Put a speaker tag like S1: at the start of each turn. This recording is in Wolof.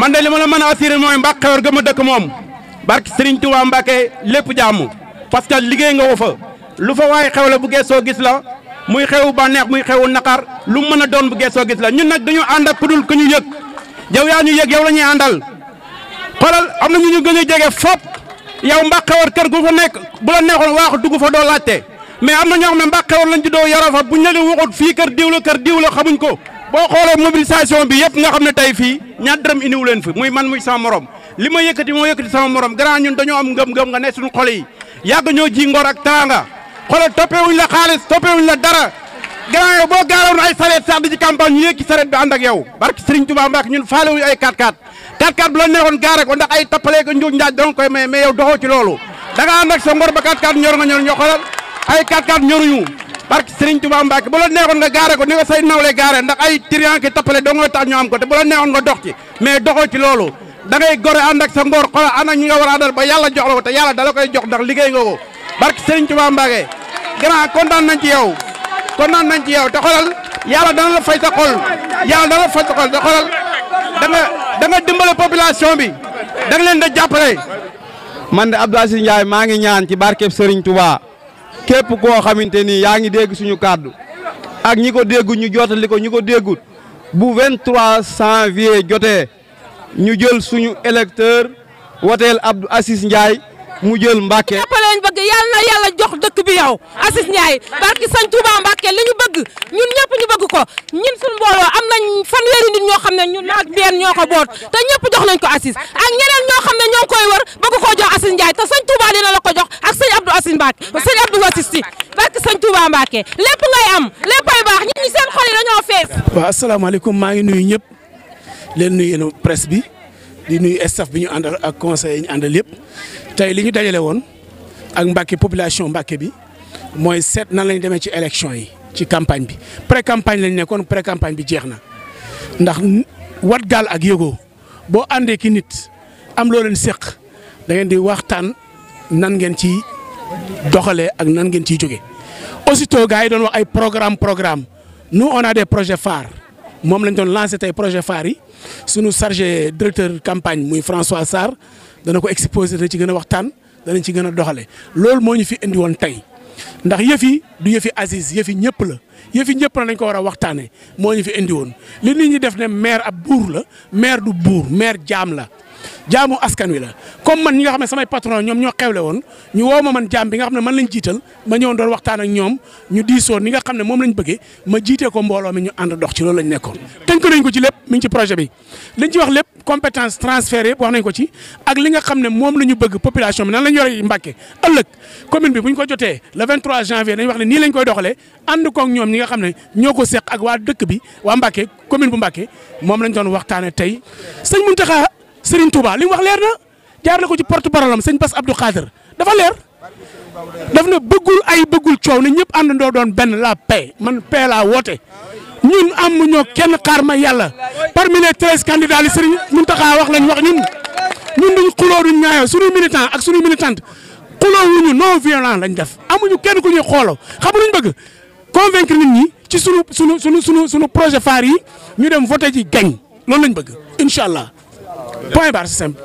S1: man de li ma la mën a assuré mooy Mbacke Kajoor ga ma dëkk moom barke Serigne Touba Mbacke lépp jàmm parce que liggéey nga wo fa lu fa waay xew la bu geesoo gis la muy xew bànneex muy xewu naqar lu mën a doon bu geesoo gis la ñun nag dañu ànd ak ku dul ku ñu yëg yow yaa ñu yëg yow la ñuy àndal xoolal am na ñu ñu gën a jege fop yow Mbacke Kajoor kër gu fa nekk bu la neexoon waaxu dugg fa doo laajte mais am na ñoo xam ne Mbacke Kajoor lañ juddoo yaroo fa buñ la waxut fii kër diw la kër diw la xamuñ ko boo xoolee mobilisation bi yëpp nga xam ne tey fii ñaar dërëm indiwu leen fi muy man muy sama morom li ma yëkkati moo yëkkati sama morom grand ñun dañoo am ngëm-ngëm nga ne suñu xol yi yàgg ñoo ji ngor ak teraanga xoolal toppewuñ la xaalis toppewuñ la dara grand yow boo gaaloon ay sareet sax di ci campagne ñu yëkki sareet bi ànd ak yow barki Serigne Touba ñun faalewuñu ay 4-4 4-4 bu la neexoon gaare ko ndax ay tappalee ko njuuj njaaj danga koy may mais yow doxoo ci loolu da nga barke Serigne Touba Mbacke bu la neexoon nga gaare ko ni ko say nawle gaare ndax ay trian tappale doo nga tax ñu ko te bu la neexoon nga dox ci mais doxoo loolu da ngay gore ànd ak sa ngoor xola ànd ak nga war a àndal ba yàlla jox ko te yàlla dala koy jox ndax liggéey nga ko barke Serigne Touba Mbacke kontaan nañ ci yow kontaan nañ ci yow te xolal yàlla dana la fay sa xol yàlla dana la fay sa xol te xolal da nga da nga dimbale population bi da leen da jàppale man de Abdou maa ngi ñaan ci barkeb Serigne Touba képp koo xamante ni yaa ngi dégg suñu kàddu ak ñi ko déggul ñu jotali ko ñi ko déggul bu 23 janvier jotee ñu jël suñu électeur woteel Abdou Aziz Ndiaye
S2: mu jël Mbacke. lépp lañ bëgg ñu bëgg ñun ñëpp ñu bëgg ko ñun suñu mbooloo am nañ fanweeri nit ñoo xam ne ñun ak benn ñoo ko boot te ñëpp jox nañ ko Aziz ak ñeneen ñoo xam ne ñoo koy wër bëgg koo jox Aziz Ndiaye te sëñ Touba dina la ko Sine Mbacke sëñ Abdou lépp ngay am léppay baax ñi seen xol yi dañoo fees
S3: waaw asalaamaaleykum maa ngi nuyu ñëpp leen nuy yéen presse bi di nuyu staff bi ñu àndal ak conseil yi ñu àndal yëpp tey li ñu dajale woon ak Mbacke population Mbacke bi mooy seet nan lañ demee ci élection yi ci campagne bi pré campagne lañ nekkoon pré campagne bi jeex na ndax wat gaal ak yëgoo boo àndee ki nit am loo leen séq di waxtaan nan ngeen ci doxalee ak nan ngeen ciy jóge aussitôt gars yi doon wax ay programme programme nous onaa a des projets phares moom lañ doon lancé tey projet phares yi suñu chargé directeur campagne muy François Sarr dana ko exposé dana ci gën a waxtaan danañ ci gën a doxale loolu moo ñu fi indi woon tey ndax yëf yi du yëfi Aziz yëfi ñëpp la yëfi ñëpp na dañ ko war a waxtaanee moo ñu fi indi woon li nit ñi def ne maire ab buur la maire du buur maire jaam la jaamu askan wi la comme man ñi nga xam ne samay patron ñoom ñoo xewle woon ñu lañ jiital ma ñëwoon doon waxtaan ak ñoom ñu diisoon ni nga xam ne moom lañ bëggee ma jiitee ko mbooloo ñu ànd dox ci loolu lañ nekkoon tënk ko ci lépp mi li nga xam ne moom la ñu bëgg population bi nan lañ yore Mbàkke ëllëg commune bi bu ñu ko jotee le 23 janvier dañ wax ne nii lañ koy doxalee ànd koog ñoom ñi nga xam ne ñoo ko seq ak waa dëkk bi waa Mbàkke commune bu Mbàkke moom lañ doon waxtaane tey sëñ Muntaxa Serigne Touba li mu wax leer na jaar na ko ci porte parole am sëñ Bass Abdou Khadir dafa leer daf na bëggul ay bëggul coow ne ñëpp àndandoo doon benn la paix man paix la woote ñun am mu ñoo kenn xaar ma yàlla parmi les treize candidats li Serigne Mountakha wax lañ wax ñun ñun duñ xuloo duñ ñaayoo suñuy militant ak suñuy militante xuloo wuñu non violent lañ def amuñu kenn ku ñuy xooloo xam luñ bëgg convaincre nit ñi ci sunu sunu sunu sunu sunu projet phare yi ñu dem voté ji gañ loolu lañ bëgg
S2: incha allah point barre c'est simple